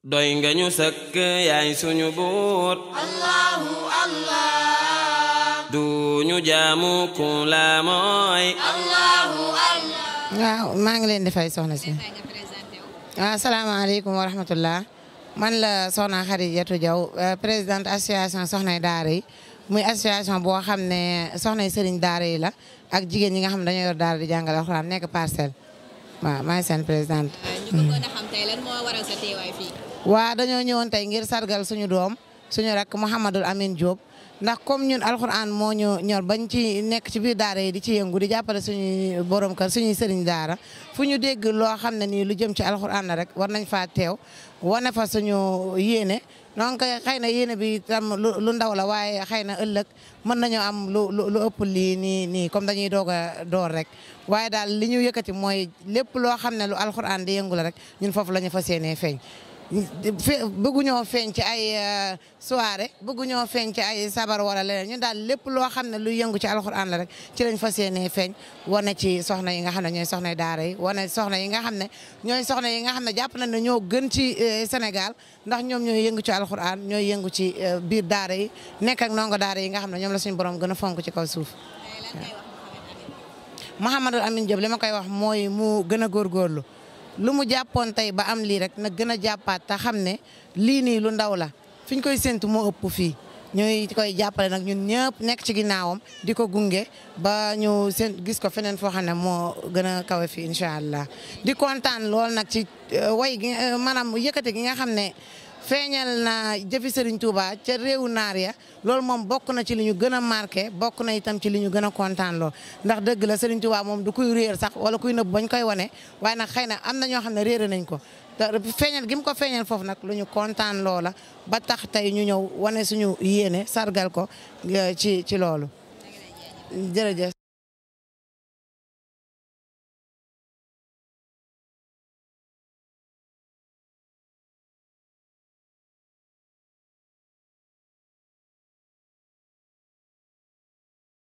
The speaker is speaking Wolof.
doy nga ñu sëkk yaay suñu buur allahu allah du ñu jaamu ku la mooy allahu allah waaw maa ngi leen di fay soxna si waaw asalaamaaleykum ah, wa rahmatullah man la soxna Xadijatu Jaw euh, présidente association soxnay daara yi muy association boo xam ne soxnay sëriñ daara yi la ak jigéen ñi nga xam ne dañoo yor daara di jàngale alxuraan nekk parcelle waaw maay seen président ñu hmm. moo waral sa teewaay fii waa dañoo ñëwoon tey ngir sargal suñu doom suñu rakk Mouhamadul Amine Diop ndax comme ñun alxuraan moo ñu ñor bañ ci nekk ci biir daara yi di ci yëngu di jàppale suñu borom kar suñuy sëriñ daara fu ñu dégg loo xam ne nii lu jëm ci alxuraan la rek war nañ faa teew wane fa suñu yéene donc xëy na yéene bi tam lu ndaw la waaye xëy na ëllëg mën nañoo am lu ëpp lii nii nii comme dañuy doog a door rek waaye daal li ñu yëkkati mooy lépp loo xam ne lu alxuraan di yëngu la rek ñun foofu la ñu fas yéenee feeñ. bëgguñoo feeñ ci ay euh, soirée bëgguñoo feeñ ci ay sabar wala ñun daal lépp loo xam ne lu yëngu ci alxuraan la rek ci lañ fas yéenee feeñ wane ci soxna yi nga xam ne ñooy soxna daara yi wane soxna yi nga xam ne ñooy soxna yi xam ne jàpp nañ ne ñoo gën ci euh, Sénégal ndax ñoom ñooy yëngu ci alxuraan ñooy yëngu ci euh, biir daara yi nekk ak ndongo daara yi nga xam ne ñoom la suñu borom gën a fonk ci kaw suuf Mouhamadou Amine Diop li ma koy wax mooy mu gën a góor góorlu lu mu jàppoon tey ba am lii rek nag gën a jàppaat te xam ne lii nii lu ndaw la fi ñu koy séntu moo ëpp fii ñuy koy jàppale nag ñun ñëpp nekk ci ginnaawam di ko gunge ba ñu seen gis ko feneen foo xam ne moo gën a kawe fii incha allah di kontaan lool nag ci eh, way gi eh, maanaam yëkkate gi nga xam ne feeñal na jëfi Serigne Touba ca réewu naar ya loolu moom bokk na ci lu ñu gën a marqué bokk na itam ci li ñu gën a kontaan lool ndax dëgg la Serigne Touba moom du kuy réer sax wala kuy nëbb bañ koy wane waaye nag xëy na am na ñoo xam ne réere nañ ko te gi mu ko feeñal foofu nag lu ñu kontaan loola ba tax tey ñu ñëw wane suñu yéene sargal ko eh, ci ci loolu jërëjëf